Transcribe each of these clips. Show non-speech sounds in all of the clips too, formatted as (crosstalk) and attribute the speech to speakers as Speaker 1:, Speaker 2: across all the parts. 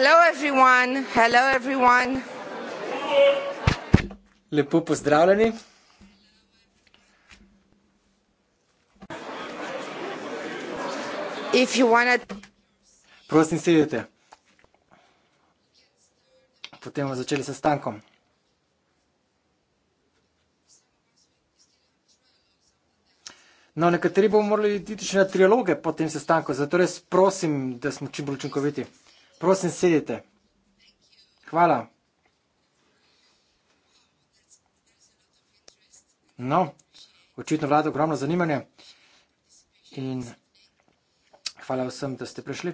Speaker 1: Hello everyone. Hello everyone.
Speaker 2: Lepo pozdravljeni.
Speaker 1: If you wanna...
Speaker 2: Prosim, sedite. Potem bomo začeli s stankom. No, nekateri bomo morali iti na triloge po tem sestanku, zato res prosim, da smo čim bolj učinkoviti. Prosim, sedite. Hvala. No, očitno vlada ogromno zanimanje in hvala vsem, da ste prišli.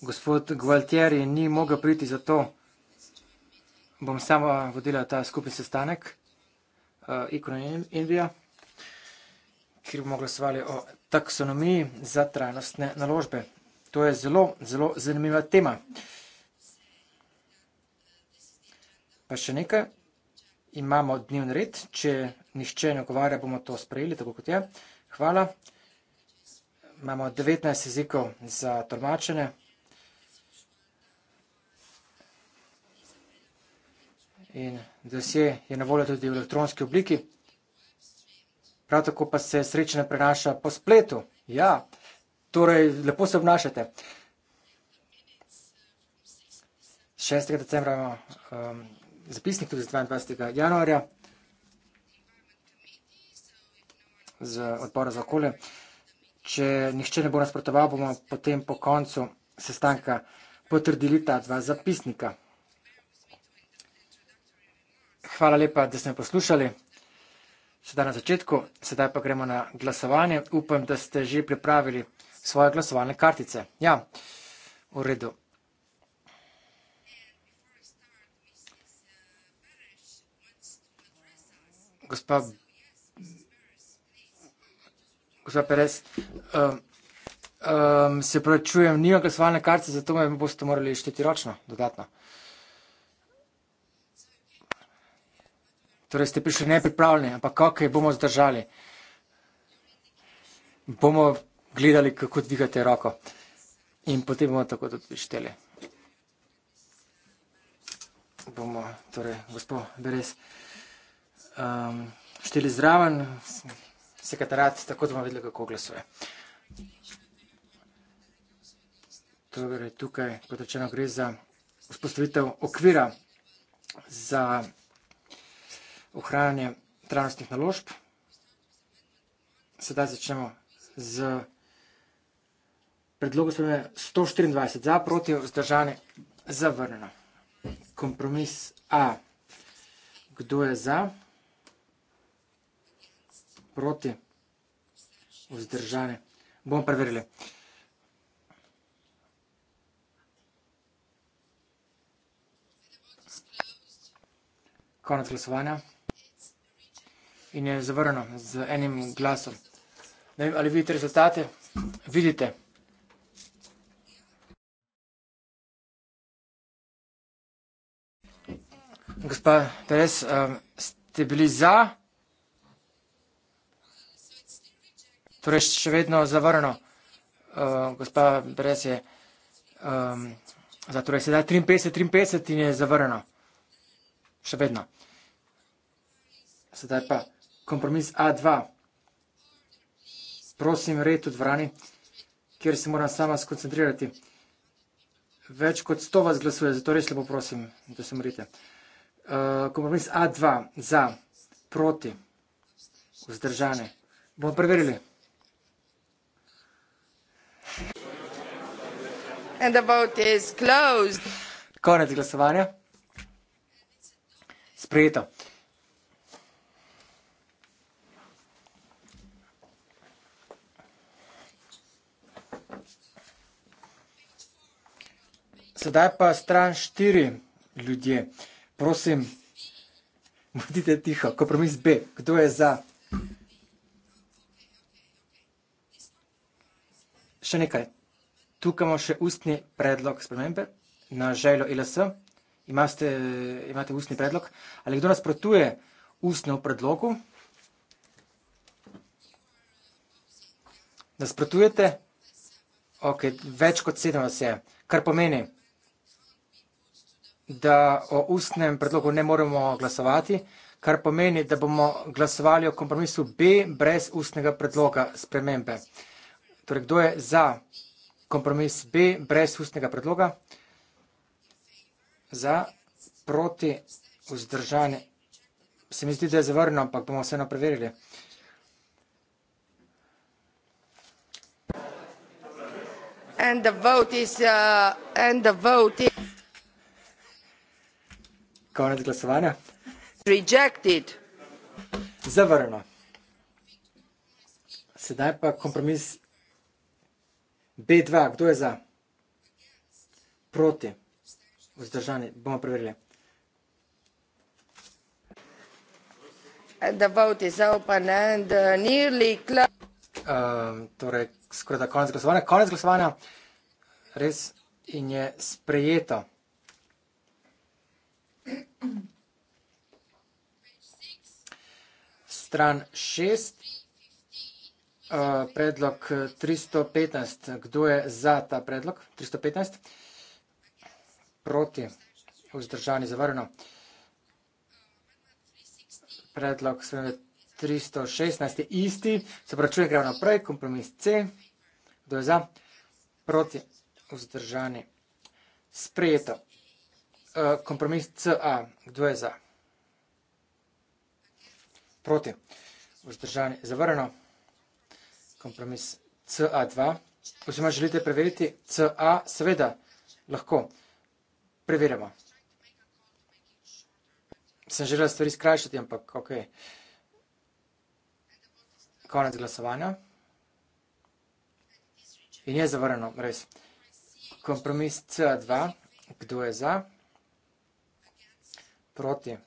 Speaker 2: Gospod Gualtieri ni mogel priti zato, bom sama vodila ta skupni sestanek uh, eh, Ikona Invija, kjer bomo glasovali o taksonomiji za trajnostne naložbe. To je zelo, zelo zanimiva tema. Pa še nekaj. Imamo dnevni red, če nihče ne ogovarja, bomo to sprejeli, tako kot je. Hvala. Imamo 19 jezikov za tolmačenje. In da se je na voljo tudi v elektronski obliki. Prav tako pa se srečanje prenaša po spletu. Ja. Torej, lepo se obnašate. 6. decembra imamo um, zapisnik tudi z 22. januarja z odbora za okolje. Če nihče ne bo nasprotoval, bomo potem po koncu sestanka potrdili ta dva zapisnika. Hvala lepa, da ste me poslušali. Sedaj na začetku, sedaj pa gremo na glasovanje. Upam, da ste že pripravili svoje glasovalne kartice. Ja, v redu. Gospa, gospa Perez, um, um, se pravčujem, nima glasovalne kartice, zato me boste morali šteti ročno, dodatno. Torej ste prišli nepripravljeni, ampak kako okay, bomo zdržali? Bomo gledali, kako dvigate roko. In potem bomo tako tudi šteli. Bomo, torej, gospod Beres, um, šteli zraven, sekretarat, tako da bomo vedeli, kako glasuje. Torej, tukaj, kot rečeno, gre za vzpostavitev okvira za ohranjanje trajnostnih naložb. Sedaj začnemo z predlogu spremenja 124 za, proti vzdržane, zavrnjeno. Kompromis A. Kdo je za? Proti vzdržane. Bomo preverili. Konec glasovanja. In je zavrnjeno z enim glasom. Ne vem, ali vidite rezultate? Vidite. Gospa Teres, ste bili za? Torej, še vedno zavrno. Gospa Teres je za, torej sedaj 53, 53 in je zavrno. Še vedno. Sedaj pa kompromis A2. Prosim, red v dvorani, kjer se moram sama skoncentrirati. Več kot sto vas glasuje, zato res lepo prosim, da se morite. Eh, kompromis A2 za proti vzdržane. Bomo preverili.
Speaker 1: And the vote is closed.
Speaker 2: Konec glasovanja. Sprejeto. Sedaj pa stran štiri ljudje prosim, bodite tiho, kompromis B, kdo je za? Še nekaj, tukaj imamo še ustni predlog spremembe na željo ILS, imate, imate ustni predlog, ali kdo nasprotuje ustno v predlogu? Nasprotujete? Ok, več kot sedem vas je, kar pomeni, da o ustnem predlogu ne moremo glasovati, kar pomeni, da bomo glasovali o kompromisu B brez ustnega predloga spremembe. Torej, kdo je za kompromis B brez ustnega predloga? Za proti vzdržanje. Se mi zdi, da je zavrno, ampak bomo vseeno preverili.
Speaker 1: And the vote is, uh, and the vote is...
Speaker 2: Konec glasovanja. Zavrno. Sedaj pa kompromis B2. Kdo je za? Proti. Vzdržani. Bomo preverili.
Speaker 1: The vote is open and uh, nearly closed.
Speaker 2: Ehm, torej, skoraj da konec glasovanja. Konec glasovanja. Res in je sprejeto. Stran šest, eh, predlog 315. Kdo je za ta predlog? 315. Proti. Vzdržani zavarjeno. Predlog 316 je isti. Se pračujem, gremo naprej. Kompromis C. Kdo je za? Proti. Vzdržani. Sprejeto. Eh, kompromis CA, kdo je za? Proti. Vzdržanje je zavrano. Kompromis CA2. Posebno želite preveriti CA? Seveda, lahko. Preverjamo. Sem želela stvari skrajšati, ampak ok. Konec glasovanja. In je zavrano, res. Kompromis CA2. Kdo je za? Kdo je za? proti.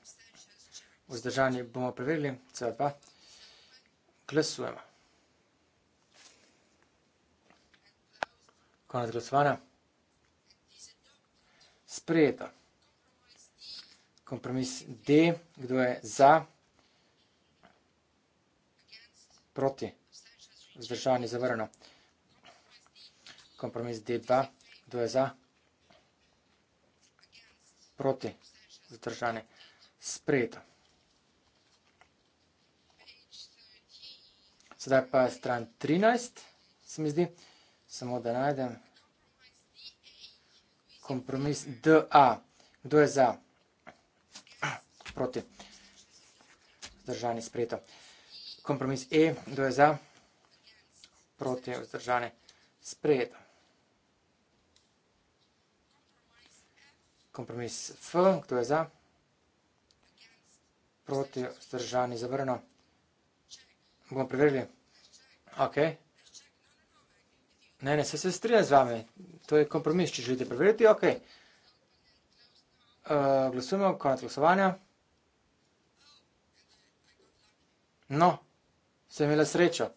Speaker 2: Vzdržani bomo preverili, CO2. Glasujemo. Konec glasovanja. Sprejeto. Kompromis D. Kdo je za? Proti. Vzdržani zavrano. Kompromis D2. Kdo je za? Proti. Proti zdržane sprejeto. Sedaj pa je stran 13, se mi zdi, samo da najdem kompromis DA. Kdo je za? Proti. Zdržani sprejeto. Kompromis E. Kdo je za? Proti. Zdržani sprejeto. kompromis F, kdo je za? Proti, vzdržani, zavrno. Bomo preverili. Ok. Ne, ne, se se strinja z vami. To je kompromis, če želite preveriti, ok. Eh, glasujemo, konec glasovanja. No, sem imela srečo.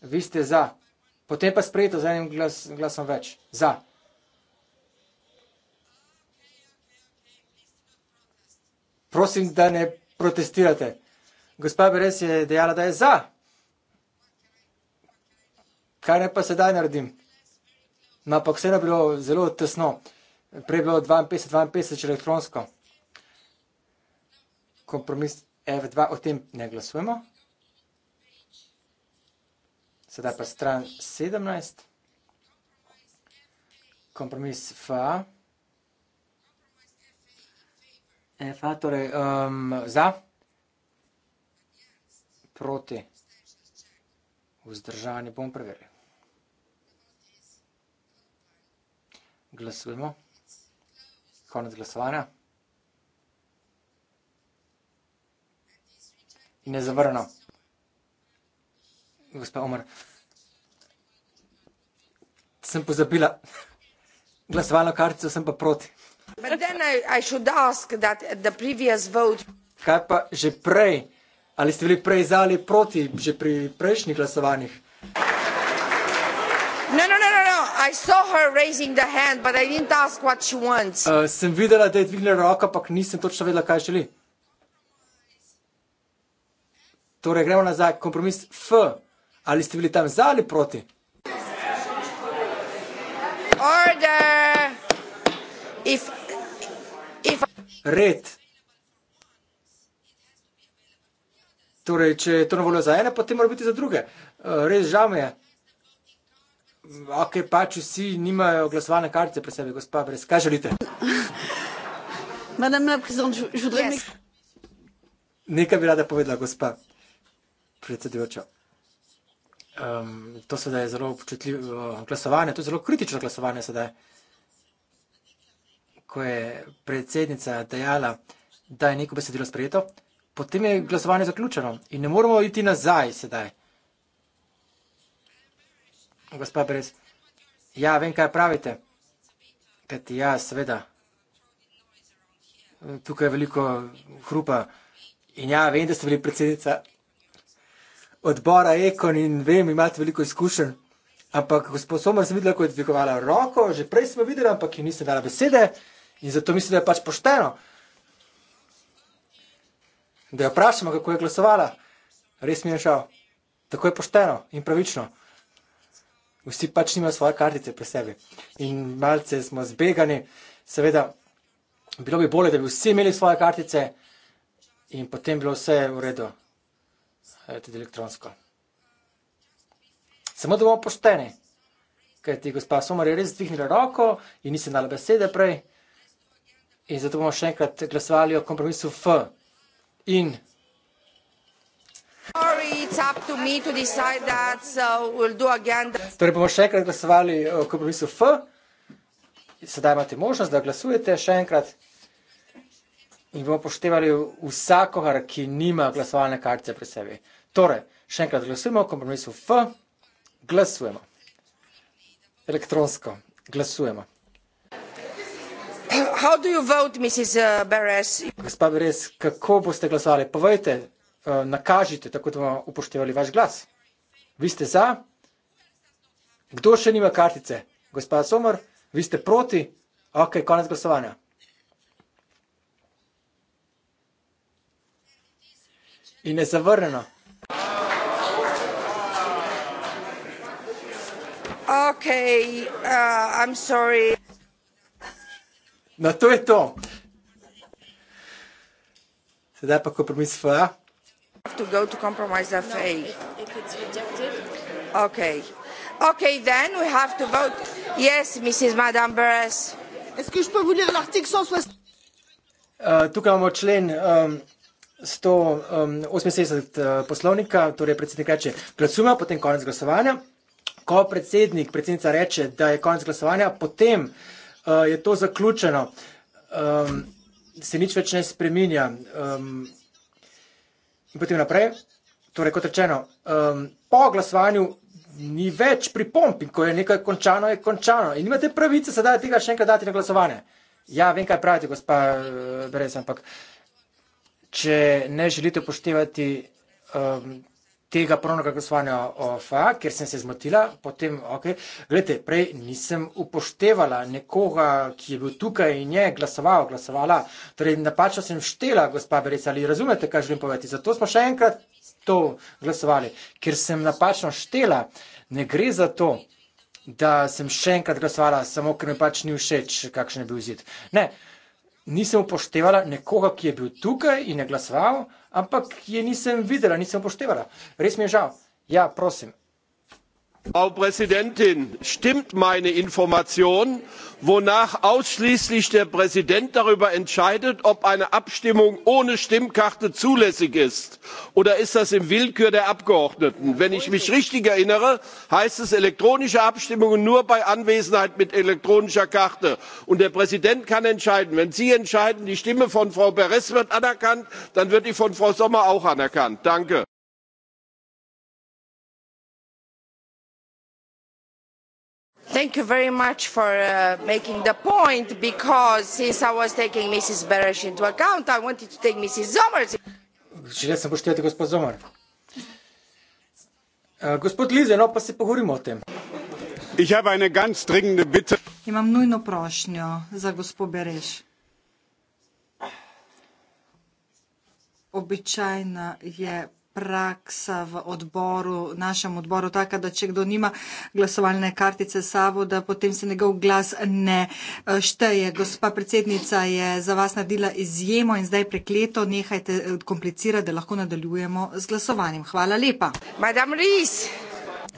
Speaker 2: Vi ste za. Potem pa sprejeto z enim glasom več. Za. Za. prosim, da ne protestirate. Gospa Beres je dejala, da je za. Kaj ne pa sedaj naredim? No, ampak vseeno je bilo zelo tesno. Prej je bilo 52, 52 elektronsko. Kompromis F2, o tem ne glasujemo. Sedaj pa stran 17. Kompromis FA. FA, torej um, za, proti, vzdržanje, bom preveril. Glasujemo, konec glasovanja. Ne zavrno. Gospa Omar, sem pozabila glasovalno kartico, sem pa proti. Kaj pa že prej? Ali ste bili prej za ali proti, že pri prejšnjih glasovanjih?
Speaker 1: No, no, no, no, no. Hand, uh,
Speaker 2: sem videla, da je dvignila roko, ampak nisem točno vedela, kaj želi. Torej, gremo nazaj, kompromis F. Ali ste bili tam za ali proti?
Speaker 1: Order. If
Speaker 2: red. Torej, če je to na voljo za ene, potem mora biti za druge. Eh, res žal mi je. Ok, pač vsi nimajo glasovane kartice pri sebi, gospa Brez. Kaj želite?
Speaker 3: (laughs) Madame la présidente,
Speaker 2: je voudrais... Nekaj bi rada povedala, gospa predsedujoča. Um, to sedaj je zelo občutljivo eh, glasovanje, to je zelo kritično glasovanje sedaj. Uh, ko je predsednica dejala, da je neko besedilo sprejeto, potem je glasovanje zaključeno in ne moramo iti nazaj sedaj. Gospa Brez, ja, vem, kaj pravite, kaj ti jaz, seveda, tukaj je veliko hrupa in ja, vem, da ste bili predsednica odbora Ekon in vem, imate veliko izkušenj, ampak gospod Somar sem videla, ko je dvigovala roko, že prej sem videla, ampak jo nisem dala besede, ampak jo nisem dala besede, In zato mislim, da je pač pošteno, da jo vprašamo, kako je glasovala. Res mi je žal, tako je pošteno in pravično. Vsi pač nimajo svoje kartice pri sebi. In malce smo zbegani, seveda, bilo bi bolje, da bi vsi imeli svoje kartice in potem bilo vse v redu, e, tudi elektronsko. Samo da bomo pošteni, kajti gospa Somar je res dvignila roko in nisem dala besede prej. In zato bomo še enkrat glasovali o kompromisu F in. Torej bomo še enkrat glasovali o kompromisu F. Sedaj imate možnost, da glasujete še enkrat in bomo poštevali vsakogar, ki nima glasovalne kartice pri sebi. Torej, še enkrat glasujemo o kompromisu F. Glasujemo. Elektronsko. Glasujemo how do you vote, Mrs. Uh, Beres? Gospa Beres, kako boste glasovali? Povejte, uh, nakažite, tako da bomo upoštevali vaš glas. Vi ste za? Kdo še nima kartice? Gospa Somer, vi ste proti? Ok, konec glasovanja. In je zavrnjeno. Okay, uh, I'm sorry. No, to je to. Sedaj pa kompromis FA.
Speaker 1: To go to compromise FA. No, if, if
Speaker 2: it's rejected.
Speaker 1: Okay. Okay, then we have to vote. Yes, Mrs. Madame Beres. Est-ce que je peux vous lire l'article 160?
Speaker 2: Euh, tukaj imamo člen um, 168 um, poslovnika, torej predsednik reče, glasujemo, potem konec glasovanja. Ko predsednik, predsednica reče, da je konec glasovanja, potem uh, Eh, je to zaključeno, um, se nič več ne spremenja. Um, in potem naprej, torej kot rečeno, um, po glasovanju ni več pripomp in ko je nekaj končano, je končano. In imate pravice sedaj tega še enkrat dati na glasovanje. Ja, vem, kaj pravite, gospa eh, Berez, ampak če ne želite upoštevati. Um, tega pravnega glasovanja OFA, ker sem se zmotila, potem, ok, gledajte, prej nisem upoštevala nekoga, ki je bil tukaj in je glasoval, glasovala, torej napačno sem štela, gospa Berec, ali razumete, kaj želim povedati, zato smo še enkrat to glasovali, ker sem napačno štela, ne gre za to, da sem še enkrat glasovala, samo ker mi pač ni všeč, kakšen je bil zid. Ne, nisem upoštevala nekoga, ki je bil tukaj in je glasoval, ampak je nisem videla, nisem upoštevala. Res mi je žal. Ja, prosim,
Speaker 3: frau präsidentin stimmt meine information wonach ausschließlich der präsident darüber entscheidet ob eine abstimmung ohne stimmkarte zulässig ist oder ist das in willkür der abgeordneten? wenn ich mich richtig erinnere heißt es elektronische abstimmungen nur bei anwesenheit mit elektronischer karte und der präsident kann entscheiden. wenn sie entscheiden die stimme von frau bers wird anerkannt dann wird die von frau sommer auch anerkannt. danke!
Speaker 1: Thank you very much for uh, making the point because since I was taking Mrs. Beresh into account, I wanted to take Mrs. Zomer.
Speaker 2: Želel sem poštijati gospod Zomer. Uh, gospod Lize, no pa se pogovorimo o tem. Ich habe eine ganz dringende Bitte.
Speaker 3: Imam nujno prošnjo za gospod Bereš. Običajna je prošnja praksa v odboru, našem odboru taka, da če kdo nima glasovalne kartice savo, da potem se njegov glas ne eh, šteje. Gospa predsednica je za vas naredila izjemo in zdaj prekleto, nehajte eh, komplicirati, da lahko nadaljujemo z glasovanjem. Hvala lepa. Madame
Speaker 2: Ries.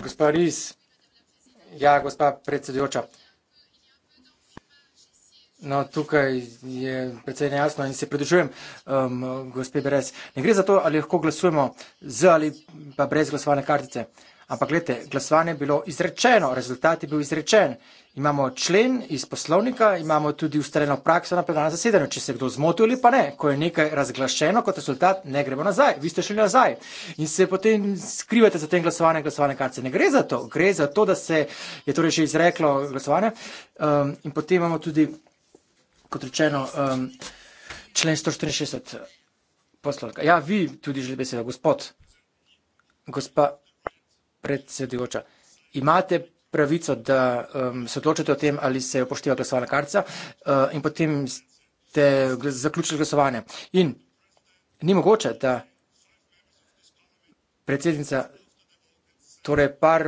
Speaker 2: Gospa Ries. Ja, gospa predsedujoča. No, tukaj je precej nejasno in se pridružujem, um, gospe Berez. Ne gre za to, ali lahko glasujemo z ali pa brez glasovalne kartice. Ampak gledajte, glasovanje je bilo izrečeno, rezultat je bil izrečen. Imamo člen iz poslovnika, imamo tudi ustaljeno prakso na plenarnem zasedanju. Če se kdo zmotil ali pa ne, ko je nekaj razglašeno kot rezultat, ne gremo nazaj. Vi ste šli nazaj in se potem skrivate za tem glasovanjem glasovane kartice. Ne gre za to, gre za to, da se je torej že izreklo glasovanje. Um, in potem imamo tudi kot rečeno, um, člen 164 poslovnika. Ja, vi tudi želite besedo, gospod, gospa predsedujoča. Imate pravico, da um, se odločite o tem, ali se upošteva glasovalna karca uh, in potem ste zaključili glasovanje. In ni mogoče, da predsednica torej par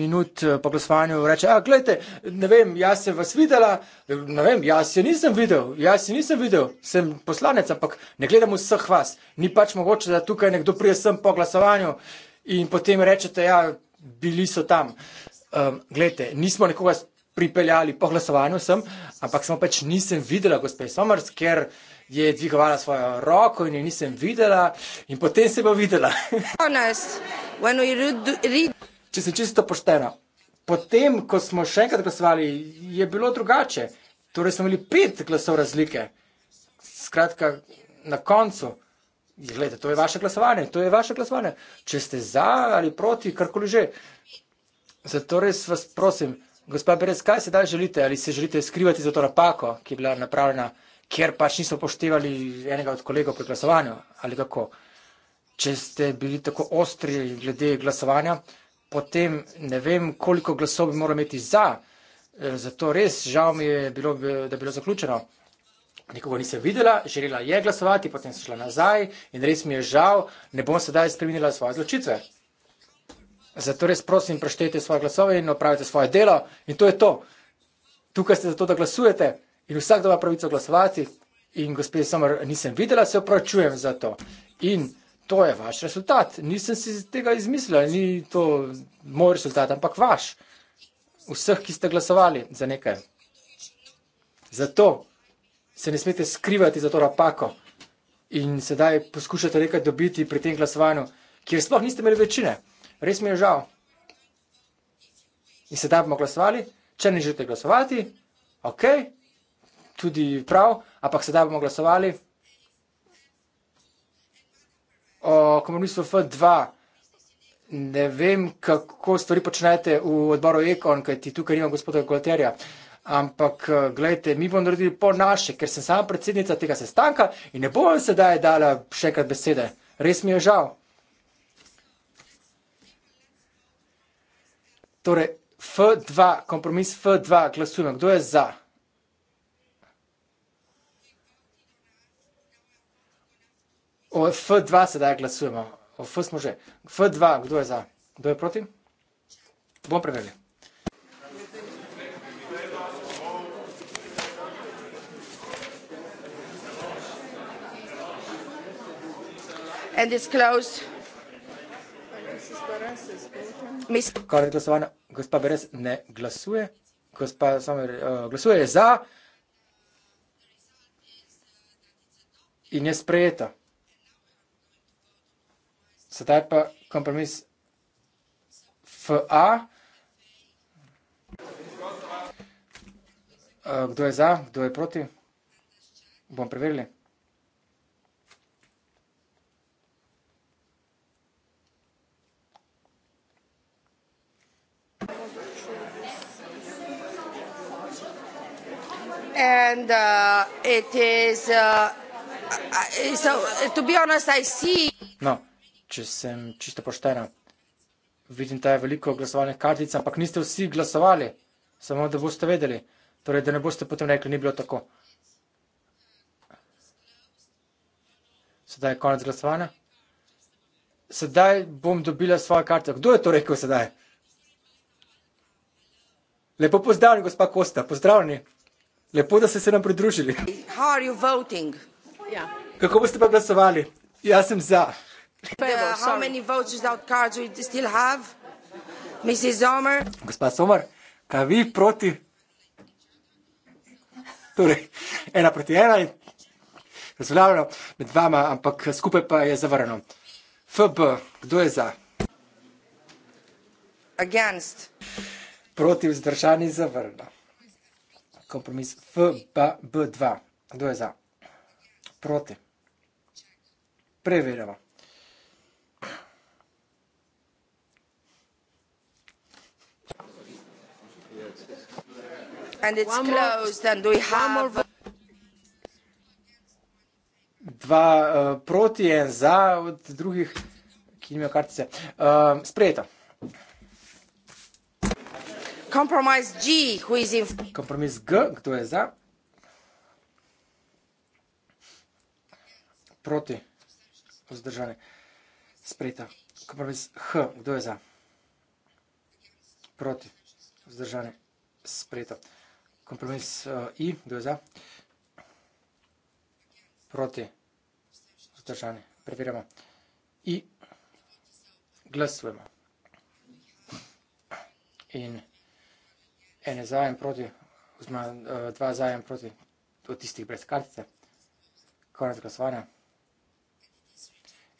Speaker 2: minut eh, po glasovanju reče, a gledajte, ne vem, jaz se vas videla, eh, ne vem, jaz se nisem videl, jaz se nisem videl, sem poslanec, ampak ne gledam vseh vas, ni pač mogoče, da tukaj nekdo prije sem po glasovanju in potem rečete, ja, bili so tam. Um, ehm, gledajte, nismo nekoga pripeljali po glasovanju sem, ampak samo pač nisem videla gospe Somers, ker je dvigovala svojo roko in jo nisem videla in potem se bo videla. (laughs) če sem čisto poštena. Potem, ko smo še enkrat glasovali, je bilo drugače. Torej smo imeli pet glasov razlike. Skratka, na koncu, gledajte, to je vaše glasovanje, to je vaše glasovanje. Če ste za ali proti, karkoli že. Zato res vas prosim, gospod Berec, kaj se daj želite? Ali se želite skrivati za to napako, ki je bila napravljena, ker pač niso poštevali enega od kolegov pri glasovanju? Ali kako? Če ste bili tako ostri glede glasovanja, potem ne vem, koliko glasov bi moral imeti za. E, zato res žal mi je bilo, da je bilo zaključeno. Nikogo nisem videla, želela je glasovati, potem so šla nazaj in res mi je žal, ne bom sedaj spremenila svoje odločitve. Zato res prosim, preštejte svoje glasove in opravite svoje delo in to je to. Tukaj ste zato, da glasujete in vsak dobi pravico glasovati in gospod Samar, nisem videla, se opravičujem za to. In to je vaš rezultat. Nisem si tega izmislil, ni to moj rezultat, ampak vaš. Vseh, ki ste glasovali za nekaj. Zato se ne smete skrivati za to napako in sedaj poskušate nekaj dobiti pri tem glasovanju, kjer sploh niste imeli večine. Res mi je žal. In sedaj bomo glasovali, če ne želite glasovati, ok, tudi prav, ampak sedaj bomo glasovali o kompromisu F2. Ne vem, kako stvari počnete v odboru Ekon, kaj ti tukaj nima gospoda Kolaterja. Ampak, eh, gledajte, mi bomo naredili po naše, ker sem sama predsednica tega sestanka in ne bom sedaj dala še enkrat besede. Res mi je žal. Torej, F2, kompromis F2, glasujem. Kdo je za? O F2 sedaj glasujemo. O F smo že. F2, kdo je za? Kdo je proti? Bomo preverili.
Speaker 1: And it's closed.
Speaker 2: Mis Kar je glasovanje? Gospa Beres ne glasuje. Gospa Samer uh, glasuje za. In je sprejeta. Sedaj pa kompromis FA. E, kdo je za, kdo je proti? Bom preverili.
Speaker 1: And uh, it is, uh, so to be honest, I see.
Speaker 2: No če sem čisto poštena. Vidim, da je veliko glasovalnih kartic, ampak niste vsi glasovali, samo da boste vedeli. Torej, da ne boste potem rekli, ni bilo tako. Sedaj je konec glasovanja. Sedaj bom dobila svojo karto. Kdo je to rekel sedaj? Lepo pozdravljen, gospa Kosta, pozdravljeni. Lepo, da ste se nam pridružili. Ja. Kako boste pa glasovali? Jaz sem za.
Speaker 1: Uh,
Speaker 2: Gospa Somar, kaj vi proti? Torej, ena proti ena je razveljavljeno med vama, ampak skupaj pa je zavrnjeno. FB, kdo je za? Against. Proti vzdržani zavrnjeno. Kompromis FBB2, kdo je za? Proti. Preverjamo.
Speaker 1: And it's one closed more, and we have
Speaker 2: dva uh, proti, en za od drugih, ki nimajo kartice. Uh, eh, sprejeta.
Speaker 1: Kompromis G, who is in...
Speaker 2: Kompromis G, kdo je za? Proti, vzdržane. Sprejeta. Kompromis H, kdo je za? Proti, vzdržane spreta. Kompromis uh, I, kdo je za? Proti. Zdržani. Preverjamo. I. Glasujemo. In ene zajem proti, vzma, eh, dva zajem proti od tistih brez kartice. Konec glasovanja.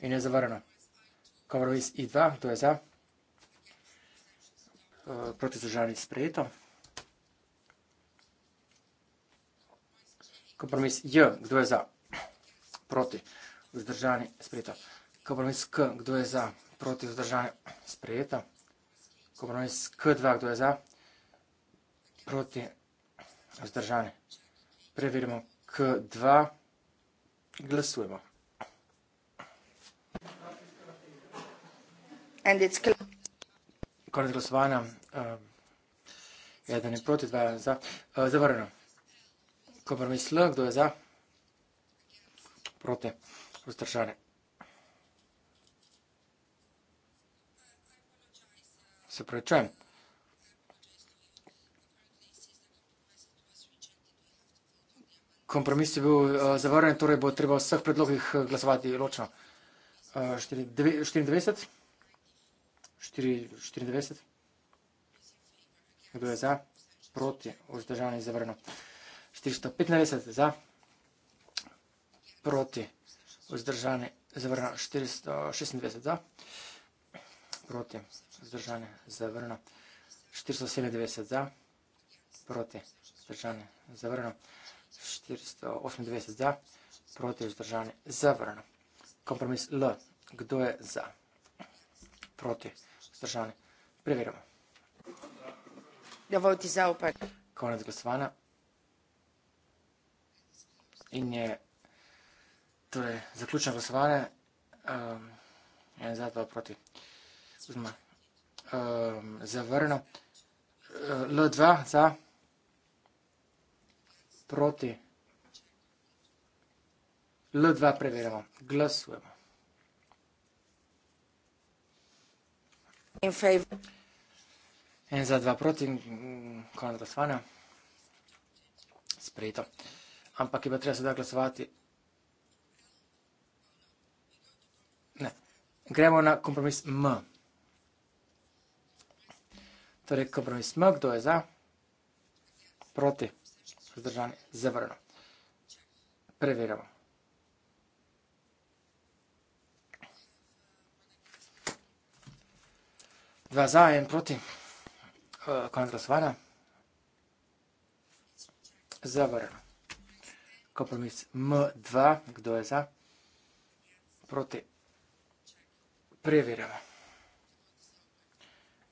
Speaker 2: In je zavrano. Kompromis I2, kdo je za? Uh, proti zdržani sprejeto. kompromis J, kdo je za, proti, vzdržanje, sprejeta. Kompromis K, kdo je za, proti, vzdržanje, sprejeta. Kompromis K2, kdo je za, proti, vzdržanje. Preverimo K2, glasujemo. Konec glasovanja, uh, eden je proti, dva je za, uh, zavrnjeno. Ko pa misli, kdo je za, proti, vzdržane. Se prečujem. Kompromis je bil uh, zavrnjen, torej bo treba vseh predlogih eh, glasovati ločno. Uh, 94? 94? Kdo je za? Proti, vzdržane je zavrnjeno. 495 za, proti vzdržane, zavrna 426 za, proti vzdržane, zavrna 497 za, proti vzdržane, zavrna 498 za, proti vzdržane, zavrna. Kompromis L. Kdo je za? Proti vzdržane. Preverimo. Dovolj ti za upak. Konec glasovanja in je torej, zaključeno glasovanje, um, en za dva proti, oziroma um, zavrnjeno. Uh, L2 za, proti, L2 preverjamo, glasujemo. In favor. En za dva proti, konec glasovanja. Sprejeto ampak je pa treba sedaj glasovati. Ne. Gremo na kompromis M. Torej, kompromis M, kdo je za? Proti. Zdržani. Zavrno. Preverjamo. Dva za, en proti. Eh, konec glasovanja. Zavrno kompromis M2, kdo je za, proti, preverjamo,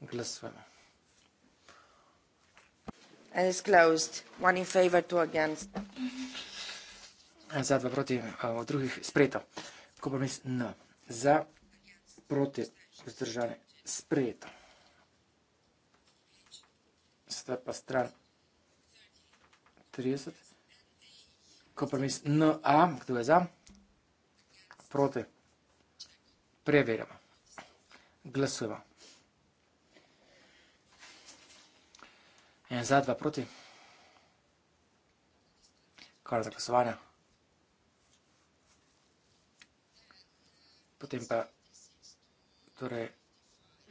Speaker 2: glasujemo.
Speaker 1: And it's closed. One in favor, two against.
Speaker 2: Za dva proti, od drugih sprejeto. Kompromis N. Za, proti, vzdržane, sprejeto. Sedaj pa stran 30 ko premis NA, kdo je za? Proti. Preverjamo. Glasujemo. En za, dva proti. Kar za glasovanje. Potem pa, torej,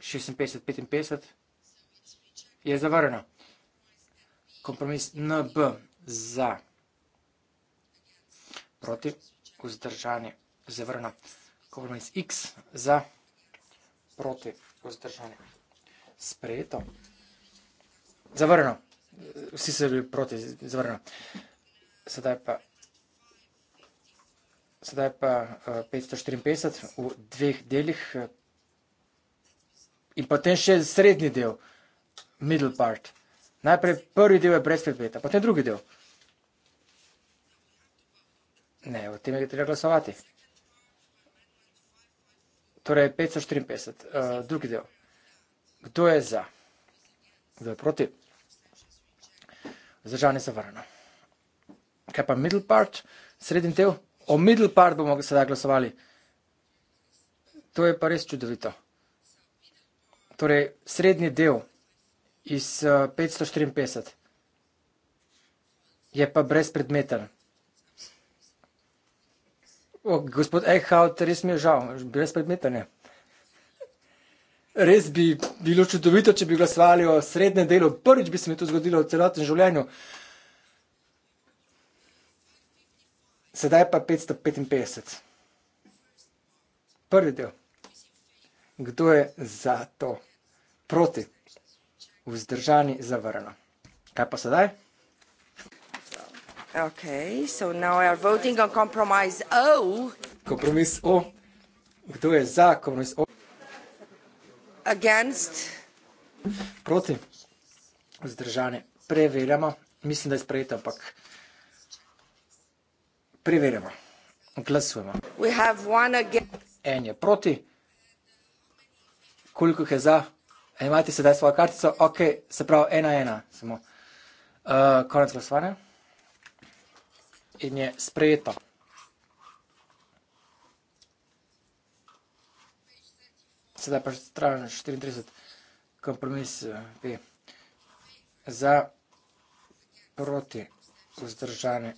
Speaker 2: 56, 55. Je zavarjeno. Kompromis NB za glasovanje proti, vzdržanje, zavrno. Ko bomo iz x za proti, vzdržanje, sprejeto, zavrno. Vsi so bili proti, zavrno. Sedaj pa, sedaj pa 554 eh, v dveh delih eh, in potem še srednji del, middle part. Najprej prvi del je brez predpeta, potem drugi del. Ne, o tem je treba glasovati. Torej, 554, uh, eh, drugi del. Kdo je za? Kdo je proti? Zdržanje zavrano. Kaj pa middle part, srednji del? O middle part bomo sedaj glasovali. To je pa res čudovito. Torej, srednji del iz uh, eh, 554 je pa brezpredmeten oh, gospod Eichhout, res mi je žal, brez predmetanja. Res bi bilo čudovito, če bi glasovali o srednjem delu, prvič bi se mi to zgodilo v celotnem življenju. Sedaj pa 555. Prvi del. Kdo je za to? Proti. Vzdržani zavrano. Kaj pa sedaj?
Speaker 1: Okay, so now we are voting on compromise O.
Speaker 2: Kompromis O. Kdo je za kompromis O?
Speaker 1: Against.
Speaker 2: Proti. Zdržane. Preverjamo. Mislim, da je sprejeto, ampak preverjamo. Glasujemo. We have one again. En je proti. Koliko je za? Imate sedaj svojo kartico? Ok, se pravi, ena, ena. Samo. Uh, konec glasovanja in je sprejeta. Sedaj pa še stran 34, kompromis eh, P. Za proti vzdržanje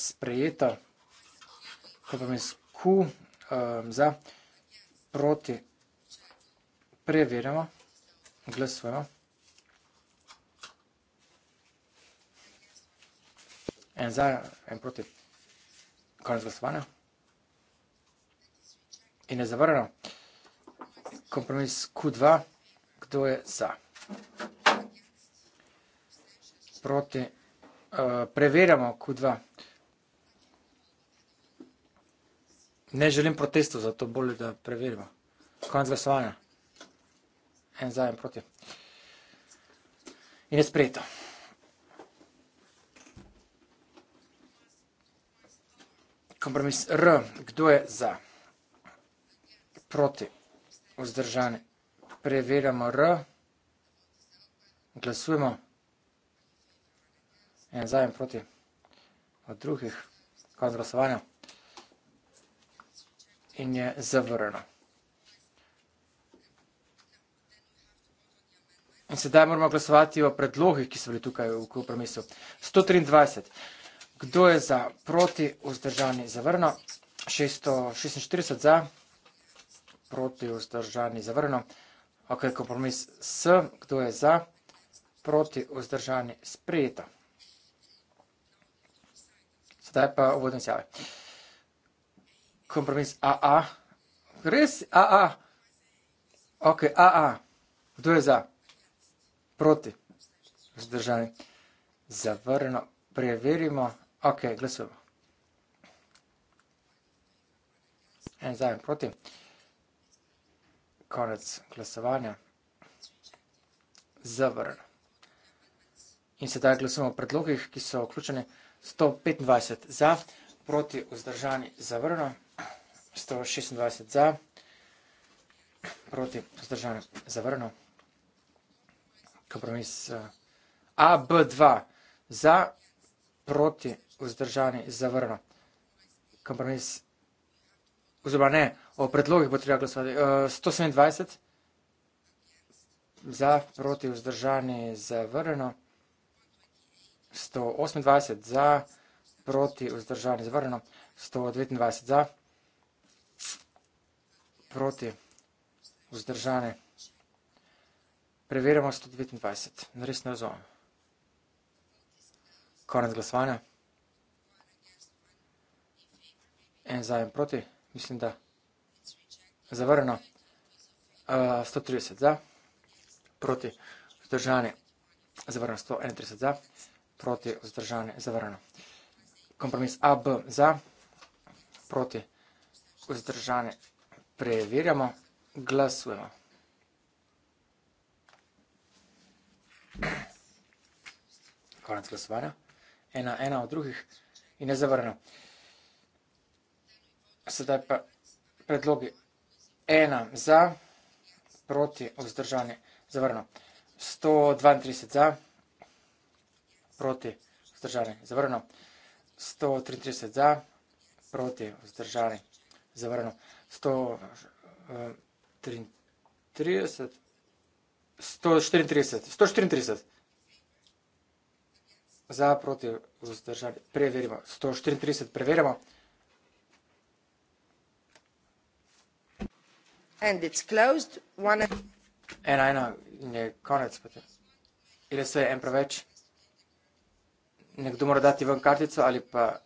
Speaker 2: sprejeta, kompromis Q, eh, za proti preverjamo, glasujemo. En za, en proti. Konec glasovanja. In je zavrnjeno. Kompromis Q2. Kdo je za? Proti. Uh, preverjamo Q2. Ne želim protestov, zato bolje, da preverimo. Konec glasovanja. En za, en proti. In je sprejeto. kompromis R, kdo je za, proti, vzdržani, preverjamo R, glasujemo, en za in proti, od drugih, kot glasovanja, in je zavrano. In sedaj moramo glasovati o predlogih, ki so bili tukaj v kompromisu. 123. Kdo je za proti vzdržani zavrno? 646 za, proti vzdržani zavrno. Ok, kompromis s, kdo je za, proti vzdržani sprejeta. Sedaj pa uvodne izjave. Kompromis AA. Res AA. Ok, AA. Kdo je za? Proti. Vzdržani. Zavrno. Preverimo Ok, glasujemo. En za, en proti. Konec glasovanja. Zavrno. In sedaj glasujemo o predlogih, ki so vključeni. 125 za, proti vzdržani zavrno. 126 za, proti vzdržani zavrno. Kompromis eh, A, B, 2 za, proti vzdržani zavrno vzdržani zavrna. Kompromis. Oziroma ne, o predlogih bo treba glasovati. 127 e, za, proti vzdržani zavrnjeno. 128 za, proti vzdržani zavrnjeno. 129 za, proti vzdržani. Preverjamo 129. Res ne razumem. Konec glasovanja. en za en proti, mislim, da zavrno. Uh, 130 za, proti vzdržanje, zavrno 131 za, proti vzdržanje, zavrno. Kompromis AB za, proti vzdržanje, preverjamo, glasujemo. Konec glasovanja, ena, ena od drugih in je zavrno sedaj pa predlogi ena za, proti, vzdržanje, zavrno. 132 za, proti, vzdržanje, zavrno. 133 za, proti, vzdržanje, zavrno. 134, 134, 134 za, proti, vzdržanje, preverimo. 134, preverimo.
Speaker 1: and it's closed, one
Speaker 2: ena ena in je konec. Ili se je en preveč, nekdo mora dati ven kartico ali pa,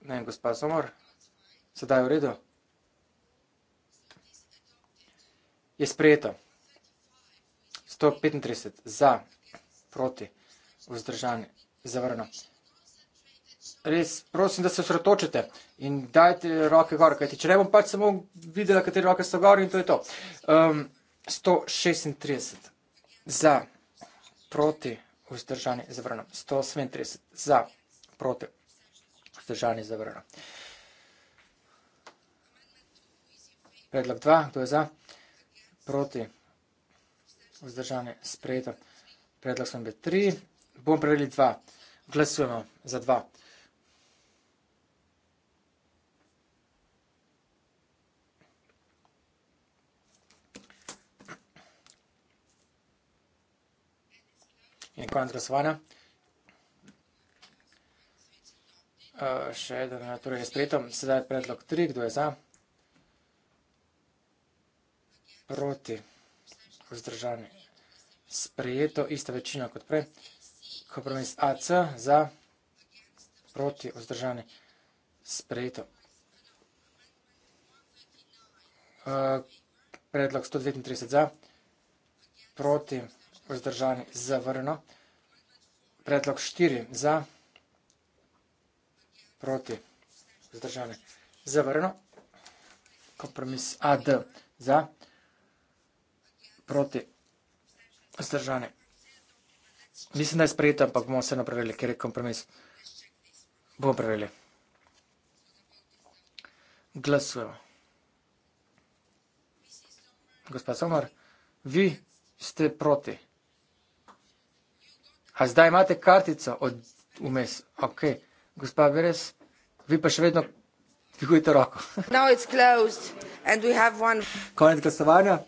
Speaker 2: ne vem, gospa Somor, sedaj je v redu. Je sprejeto. 135 za, proti, vzdržanje, zavrno res prosim, da se osredotočite in dajte roke gor, kajti če ne bom pač samo videla, katere roke so gor in to je to. Um, 136 za proti vzdržani zavrano. 137 za proti vzdržani zavrano. Predlog 2, kdo je za? Proti vzdržani sprejeto. Predlog sem bil 3, bom preverili 2. Glasujemo za 2. in konec glasovanja. E, še eden, torej je sprejeto. Sedaj je predlog 3. Kdo je za? Proti. Vzdržani. Sprejeto. Ista večina kot prej. Kompromis AC za. Proti. Vzdržani. Sprejeto. E, predlog 139 za. Proti. Proti vzdržani zavrno. Predlog štiri za proti vzdržani zavrno. Kompromis AD za proti vzdržani. Mislim, da je sprejeto, ampak bomo vseeno preverili, ker je kompromis. Bomo preverili. Glasujemo. Gospod Somar, vi ste proti. A zdaj imate kartico od vmes. Ok, gospa Beres, vi pa še vedno dvigujete roko.
Speaker 1: (laughs)
Speaker 2: Konec glasovanja.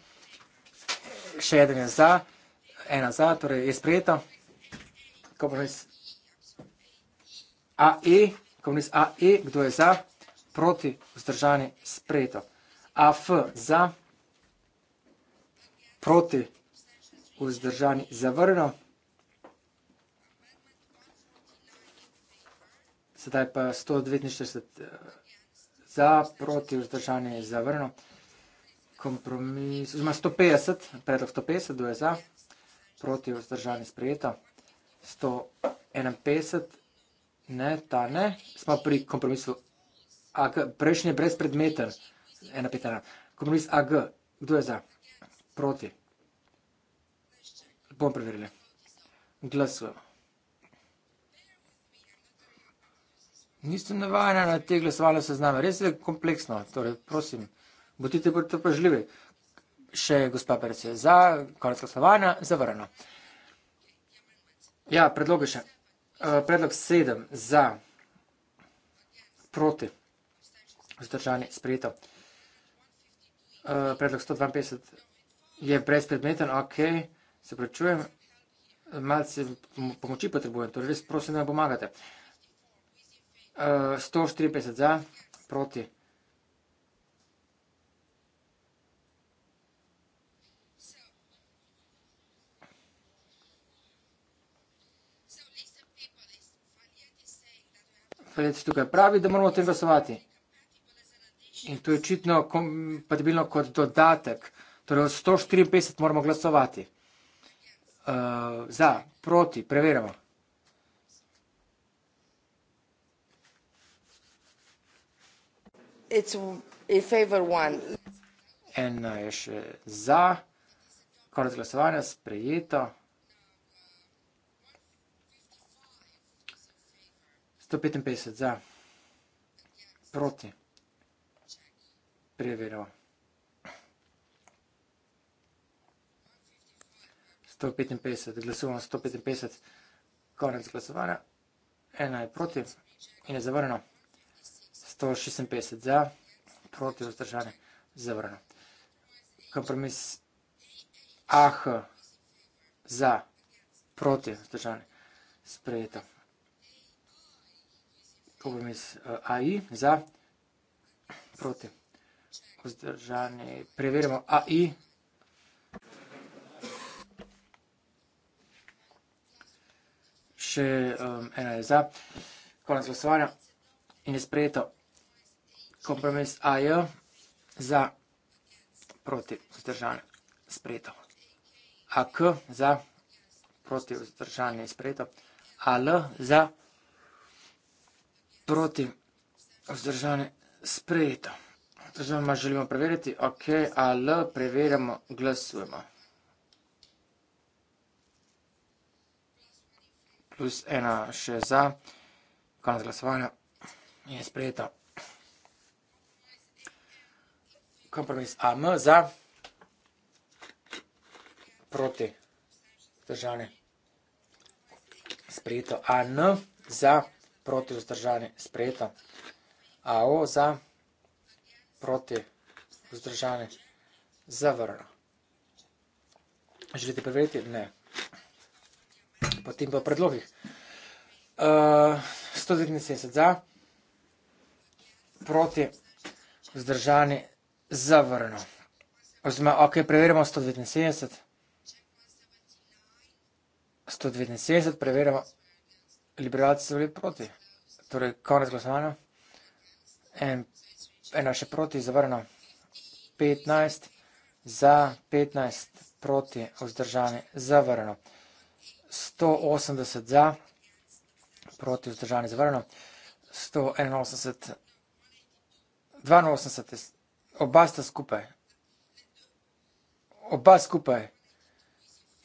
Speaker 2: Še eden je za, ena za, torej je sprejeto. Kompromis AE, kompromis AE, kdo je za, proti, vzdržani, sprejeto. AF za, proti, vzdržani, zavrnjeno. Sedaj pa 149 eh, za, proti vzdržanje je zavrno. Kompromis, oziroma 150, predlog 150, kdo je za, proti vzdržanje sprejeto. 151, ne, ta ne. Smo pri kompromisu AG, prejšnji je brezpredmeten, ena petena. Kompromis AG, kdo je za, proti. Bom preverili. Glasujemo. Nisem navajena na te glasovalne sezname, res je kompleksno. Torej, prosim, bodite pripažljivi. Še gospa Perce, za konec glasovanja, zavrano. Ja, predloge še. Eh, predlog sedem za proti vzdržanje sprejeto. Eh, predlog 152 je brezpredmeten, ok, se prečujem. Malce pomoči potrebujem, torej res prosim, da me pomagate. 154 za, proti. Fredič tukaj pravi, da moramo o tem glasovati. In to je očitno potrebno kot dodatek. Torej, 154 moramo glasovati. Uh, za, proti, preverjamo.
Speaker 1: It's in favor one.
Speaker 2: Ena je še za, konec glasovanja, sprejeto. 155 za, proti, preverjamo. 155, glasujemo 155, konec glasovanja, ena je proti in je zavrnjeno. 156 za, proti vzdržanje zavrano. Kompromis AH za, proti vzdržanje sprejeto. Kompromis eh, AI za, proti vzdržanje, preverimo AI. Še eh, ena je za, konec glasovanja in je sprejeto. Compromise IO za proti vzdržanje spretov. AK za proti vzdržanje spretov. AL za proti vzdržanje spretov. Vzdržanje želimo preveriti. OK, AL preverjamo, glasujemo. Plus ena še za. Konec glasovanja je sprejeto kompromis AM za proti vzdržane sprejeto AN za proti vzdržane sprejeto AO za proti vzdržane zavrno. Želite preveriti? Ne. Potem pa predlogih. 179 eh, za proti vzdržane sprejeto zavrnil. Oziroma, ok, preverimo 179. 179, preverimo. Liberalci so bili proti. Torej, konec glasovanja. En, ena še proti, zavrnil. 15, za 15, proti, vzdržani, zavrnil. 180 za, proti, vzdržani, zavrnil. 181, 82, Oba sta skupaj. Oba skupaj.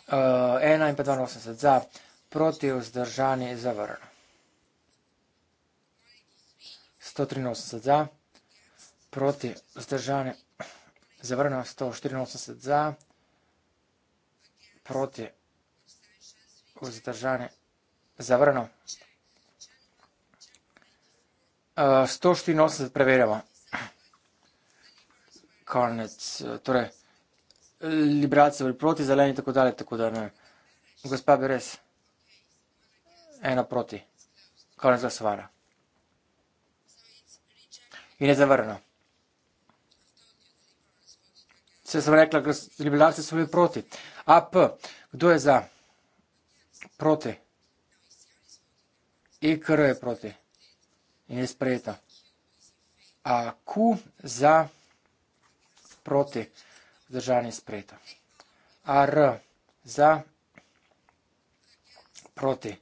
Speaker 2: Uh, eh, 1 in 82 za, proti vzdržani zavrn. 183 za, proti vzdržani zavrn. 184 za, proti vzdržani zavrn. Uh, 184 preverjamo konec, eh, torej, eh, liberalce bili proti zeleni, tako dalje, tako da ne. Gospa bi res ena proti, konec glasovanja. In je zavrno. Se sem rekla, liberalce so bili proti. AP, kdo je za? Proti. IKR je proti. In je sprejeta. A Q za proti proti vzdržanje sprejeta. AR za proti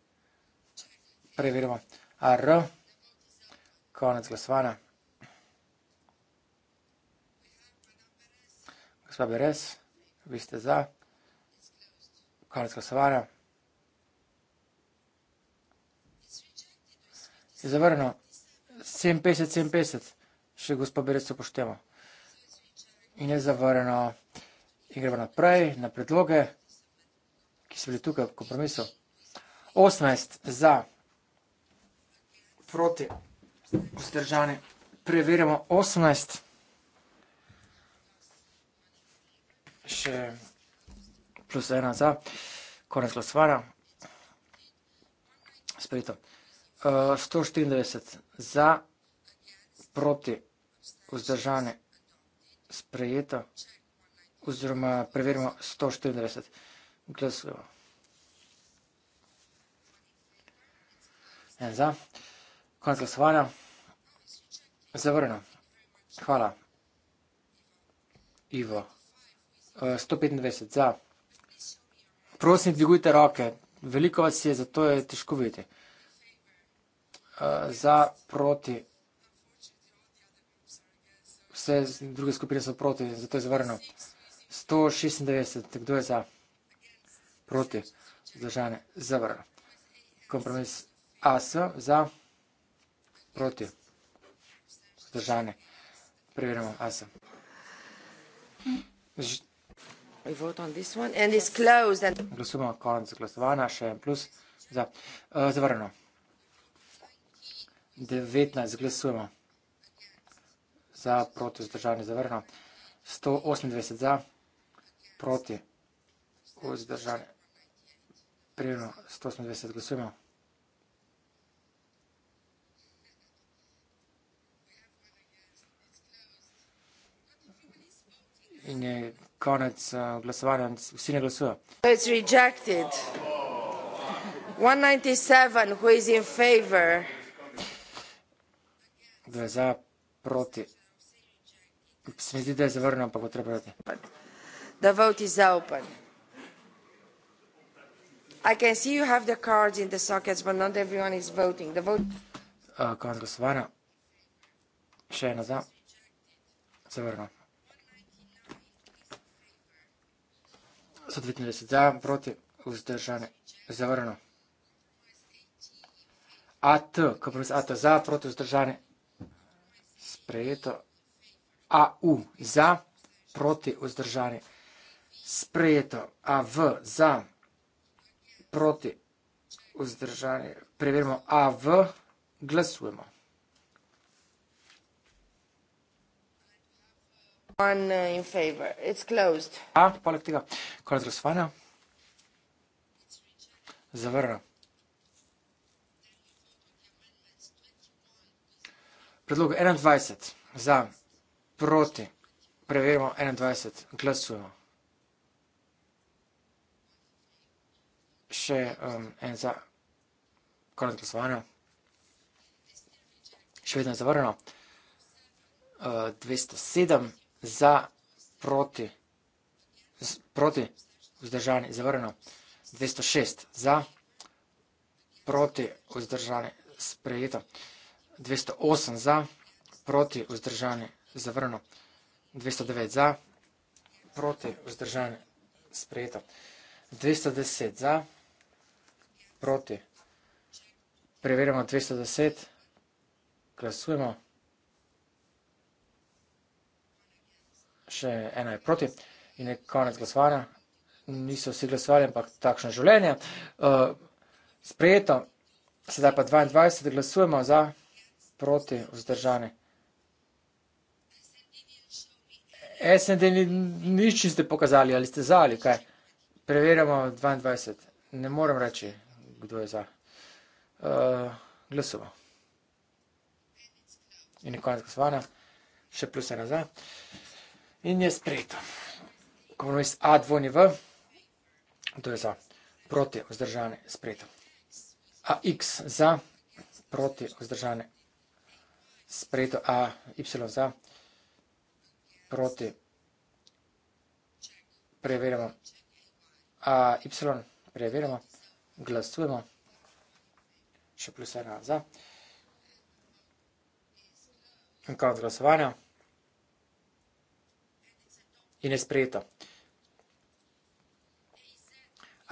Speaker 2: preverimo. AR konec glasovanja. Gospa Beres, vi ste za. Konec glasovanja. Je zavrno. 57, 57. Še gospod Beres upoštevamo in je zavrnjeno, in gremo naprej na predloge, ki so bili tukaj v kompromisu. 18 za, proti, vzdržani, preverjamo 18. Še plus ena za, konec glasovanja. Sprejeto. Uh, eh, 194 za, proti, vzdržani, preverjamo 18 sprejeta oziroma preverimo 194. Glasujemo. En za. Konc glasovanja. Zavrno. Hvala. Ivo. 125 eh, za. Prosim, dvigujte roke. Veliko vas je, zato je težko videti. Eh, za proti vse druge skupine so proti, zato je zvrnil. 196, kdo je za? Proti, zdržane, zavrnil. Kompromis AS, za, proti, zdržane, preverjamo AS. Glasujemo konec glasovanja, še en plus, za, eh, zavrnil. 19, glasujemo za, proti vzdržani zavrno, 128 za, proti vzdržani, prijeljeno 128 glasujemo. In je konec eh, glasovanja, vsi ne glasujo.
Speaker 1: To je rejected. 197, who is in favor?
Speaker 2: Dve za, proti. Se mi zdi, da je zavrnil, ampak bo treba dati.
Speaker 1: Daval ti zaupanje. I can see you have the cards in the sockets, but not everyone is voting. The vote...
Speaker 2: Uh, konec glasovanja. Še ena za. Zavrno. 129 za, proti, vzdržane. Zavrno. AT, ko bom z AT za, proti, vzdržane. Sprejeto. Sprejeto. AU za, proti vzdržanje. Sprejeto AV za, proti vzdržanje. Preverimo AV, glasujemo.
Speaker 1: One uh, in favor. It's closed.
Speaker 2: A, poleg tega, konec glasovanja. Zavrno. Predlog 21 za Proti. Preverimo 21. Glasujemo. Še um, en za konec glasovanja. Še vedno je zavrnjeno. Uh, 207 za, proti, z, proti, vzdržani, zavrnjeno. 206 za, proti, vzdržani, sprejeto. 208 za, proti, vzdržani, zavrno. 209 za, proti, vzdržan, sprejeto. 210 za, proti. Preverjamo 210, glasujemo. Še ena je proti in je konec glasovanja. Niso vsi glasovali, ampak takšno življenje. Uh, sprejeto, sedaj pa 22, glasujemo za, proti, vzdržane. SND ni nič ste pokazali, ali ste za ali kaj. Preverjamo 22. Ne morem reči, kdo je za. Uh, eh, glasova. In je konec glasovanja. Še plus ena za. In je sprejeto. Ko bomo iz A dvojni v, kdo je za. Proti vzdržane, sprejeto. AX za, proti vzdržane, sprejeto. AY za proti preverimo a, y preverimo glasujemo še plus ena za in konc glasovanja in je sprejeto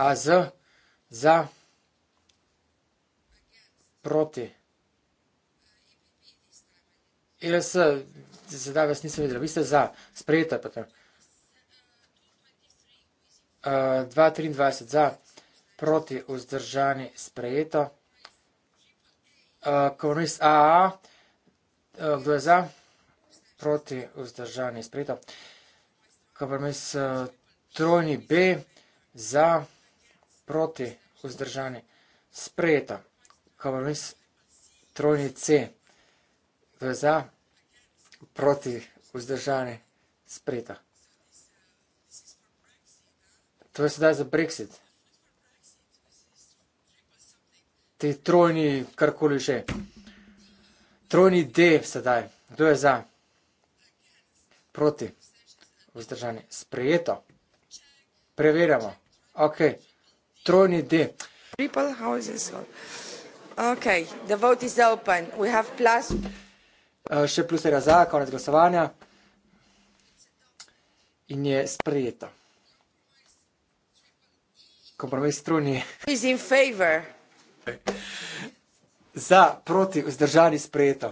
Speaker 2: a z za proti Jaz e zdaj vas nisem videl, vi ste za, sprejeta pa tam. Uh, 2.23 za, proti vzdržani sprejeto. Uh, komunist AA, uh, kdo je za, proti vzdržani sprejeto. Komunist uh, trojni B, za, proti vzdržani sprejeto. Komunist trojni C vza proti vzdržani spreta. To je sedaj za Brexit. Te trojni, karkoli že. Trojni D sedaj. Kdo je za? Proti. Vzdržani. Sprejeto. Preverjamo. Ok. Trojni D. People houses.
Speaker 1: Ok. The vote is open. We have plus...
Speaker 2: Eh, še plus tega za, konec glasovanja in je sprejeto. Kompromis struni. Za, proti, vzdržani, sprejeto.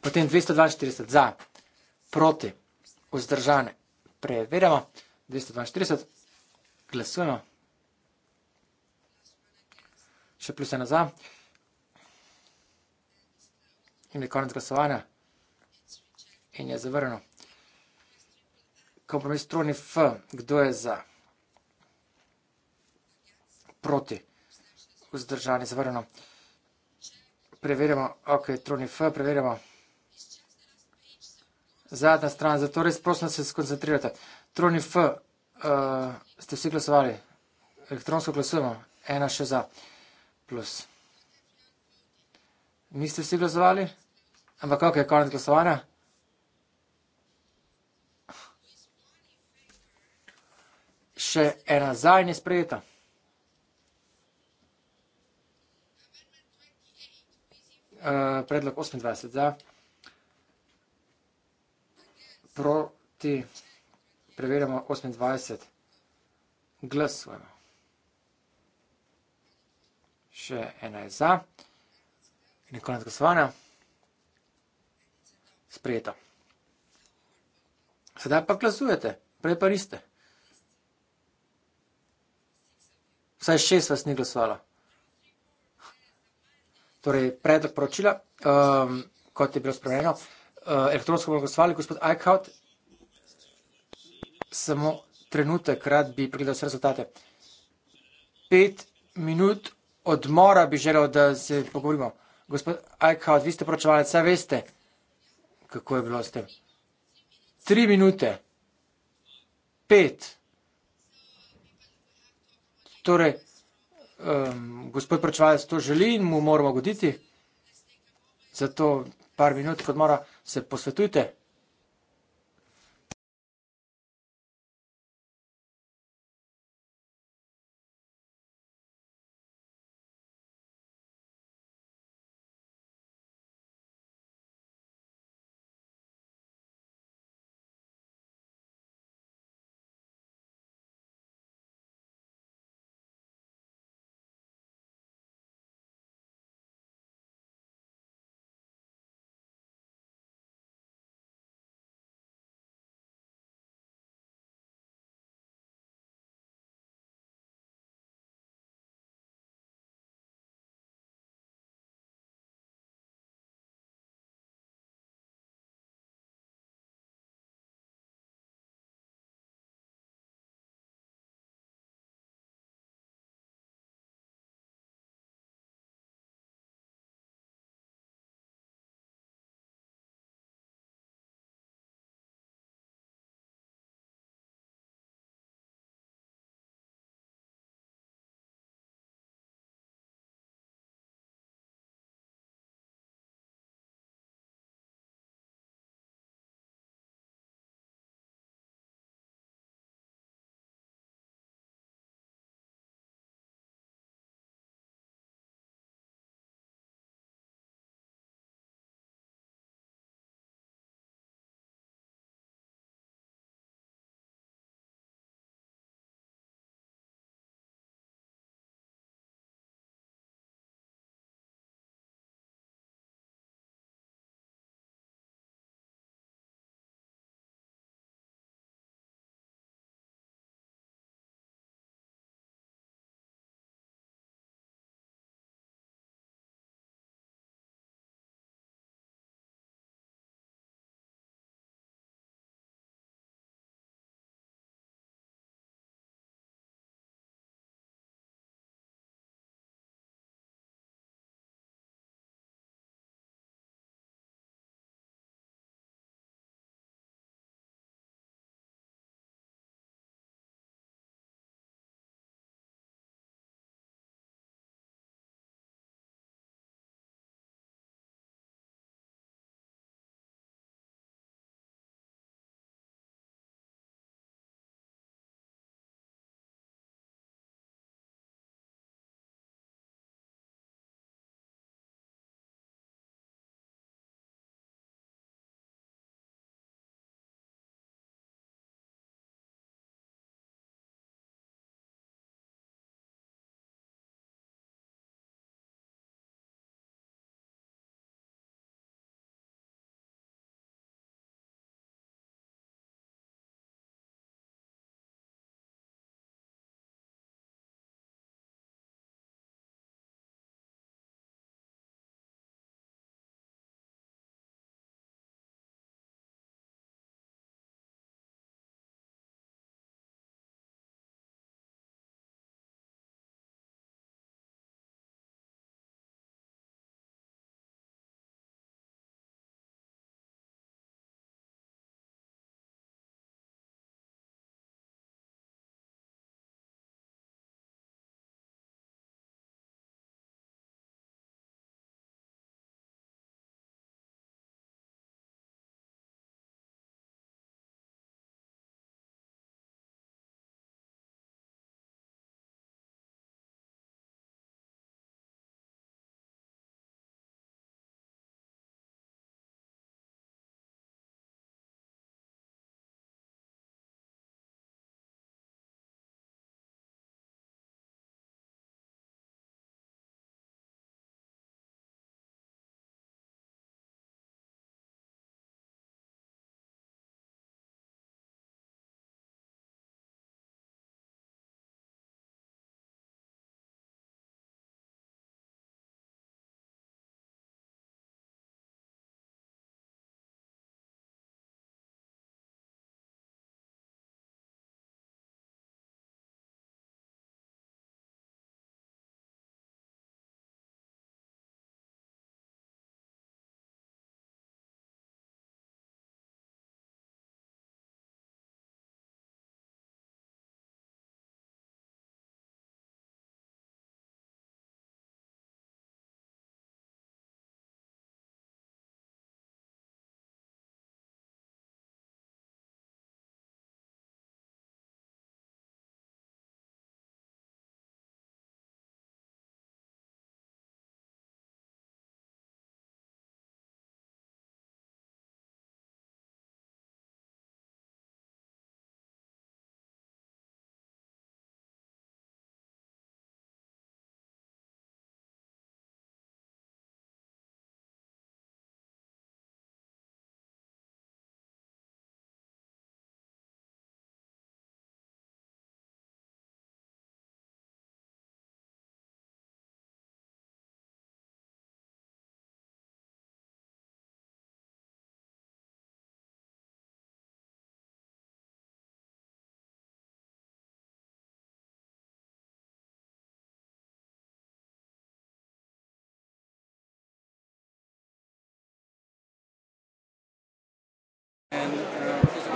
Speaker 2: Potem 242 za, proti, vzdržane. Preveramo. 242. Glasujemo še plus ena za. In je konec glasovanja. In je zavrno. Kompromis strani F. Kdo je za? Proti. Vzdržani, zavrno. Preverjamo. Ok, strani F, preverjamo. Zadnja stran, zato res prosim, da se skoncentrirate. Troni F, uh, ste vsi glasovali, elektronsko glasujemo, ena še za. Uh, plus. Niste vsi glasovali? Ampak kako je konec glasovanja? Še ena zadnja sprejeta. Uh, predlog 28 za proti, preverjamo 28, glasujemo še ena je za. In je konec glasovanja. Sprejeto. Sedaj pa glasujete, prej pa niste. Vsaj šest vas ni glasovalo. Torej, predlog poročila, um, kot je bilo spremenjeno, uh, elektronsko bomo glasovali, gospod Eichhout, samo trenutek, rad bi pregledal vse rezultate. Pet minut odmora bi želel, da se pogovorimo. Gospod Eichhardt, vi ste pročevalec, saj veste, kako je bilo s tem. Tri minute, pet. Torej, um, gospod pročevalec to želi in mu moramo goditi. Zato par minut odmora se posvetujte.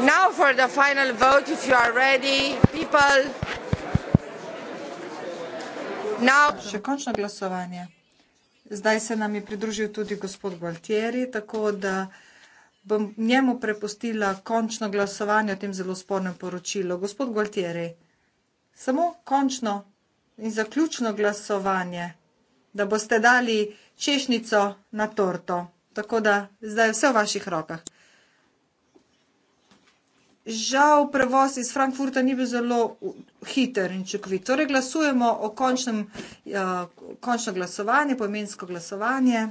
Speaker 1: Now for the final vote, if you are ready, people. Now.
Speaker 3: Še končno glasovanje. Zdaj se nam je pridružil tudi gospod Gualtieri, tako da bom njemu prepustila končno glasovanje o tem zelo spornem poročilu. Gospod Gualtieri, samo končno in zaključno glasovanje, da boste dali češnico na torto. Tako da zdaj je vse v vaših rokah. Žal prevoz iz Frankfurta ni bil zelo hiter in čekvit. Torej glasujemo o končnem, uh, končno glasovanje, pomensko glasovanje.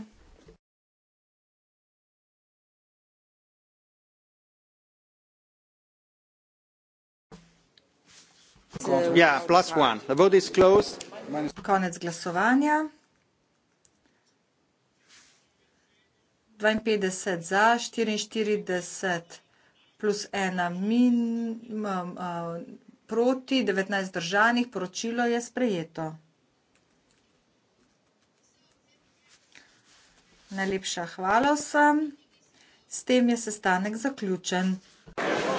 Speaker 2: Ja, plus one. The vote is closed.
Speaker 3: Konec glasovanja. 52 za, 44 plus ena min, m, m, eh, m, proti 19 držanih, poročilo je sprejeto. Najlepša hvala vsem. S tem je sestanek zaključen. Hvala.